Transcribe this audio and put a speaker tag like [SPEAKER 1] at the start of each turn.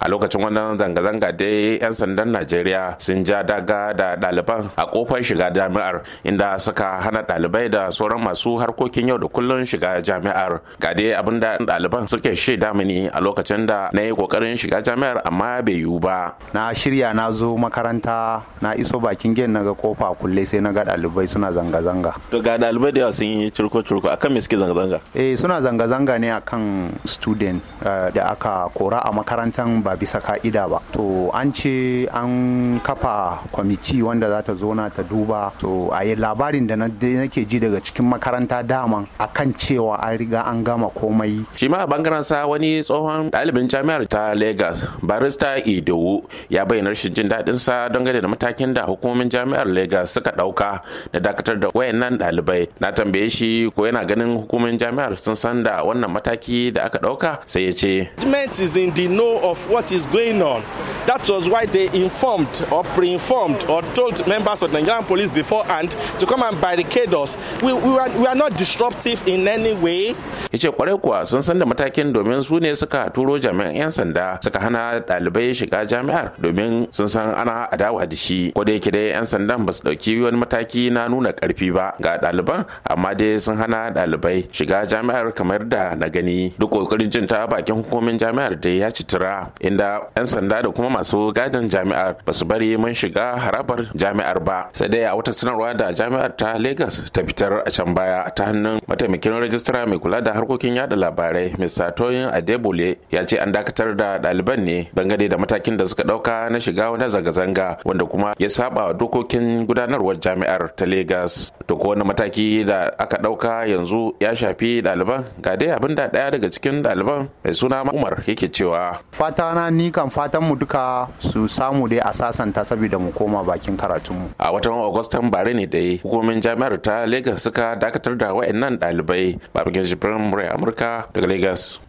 [SPEAKER 1] a lokacin wannan zanga-zanga dai 'yan sandan najeriya sun ja daga da ɗaliban a kofar shiga jami'ar inda suka hana ɗalibai da sauran masu harkokin yau da kullun shiga jami'ar ga dai abin da ɗaliban suke shaida mini a lokacin da na yi kokarin shiga
[SPEAKER 2] jami'ar amma bai yiwu ba na shirya na zo makaranta na iso bakin gen na ga kofa kulle sai na ga ɗalibai suna zanga-zanga
[SPEAKER 1] to ga ɗalibai da yawa sun yi curko-curko akan me suke zanga-zanga
[SPEAKER 2] eh suna zanga-zanga ne akan student eh, da aka kora a makarantar ba bisa ka'ida ba to an ce an kafa kwamiti wanda za ta zona ta duba to a yi labarin da nake ji daga cikin makaranta dama. a kan cewa an riga an gama komai
[SPEAKER 1] shi ma a bangaren sa wani tsohon ɗalibin jami'ar ta lagos barista idowu ya bayyana shi jin daɗin sa dangane da matakin da hukumomin jami'ar lagos suka ɗauka da dakatar da wayannan ɗalibai na tambaye shi ko yana ganin hukumomin jami'ar sun san da wannan mataki da aka ɗauka sai ya ce is in the know of what is going on. That was why they informed or pre-informed or told members of the Nigerian police beforehand to come and barricade us. We, we, are, we are not disruptive in any way. ya kwarai kuwa sun san da matakin domin su ne suka turo jami'an 'yan sanda suka hana ɗalibai shiga jami'ar domin sun san ana adawa da shi ko da yake dai 'yan sandan ba su ɗauki wani mataki na nuna ƙarfi ba ga ɗaliban amma dai sun hana ɗalibai shiga jami'ar kamar da na gani duk ƙoƙarin jin ta bakin hukumomin jami'ar da ya citira inda 'yan sanda da kuma masu gadin jami'ar ba su bari mun shiga harabar jami'ar ba sai dai a wata sanarwa da jami'ar ta lagos ta fitar a can baya ta hannun mataimakin rajistara mai kula da harkokin yada labarai Mr. Toyin Adebole ya ce an dakatar da ɗaliban ne dangane da matakin da suka ɗauka na shiga wani zanga-zanga wanda kuma ya saba dokokin gudanarwar jami'ar ta Legas. To ko wani mataki da aka ɗauka yanzu ya shafi ɗaliban ga dai abin da ɗaya daga cikin ɗaliban mai suna Umar yake cewa.
[SPEAKER 2] Fata na ni kan fatan mu duka su samu dai a sasanta saboda mu koma bakin karatunmu.
[SPEAKER 1] A watan Agustan bare ne dai hukumomin jami'ar ta Legas suka dakatar da waɗannan ɗalibai. babu Jibrin murai amurka daga lagos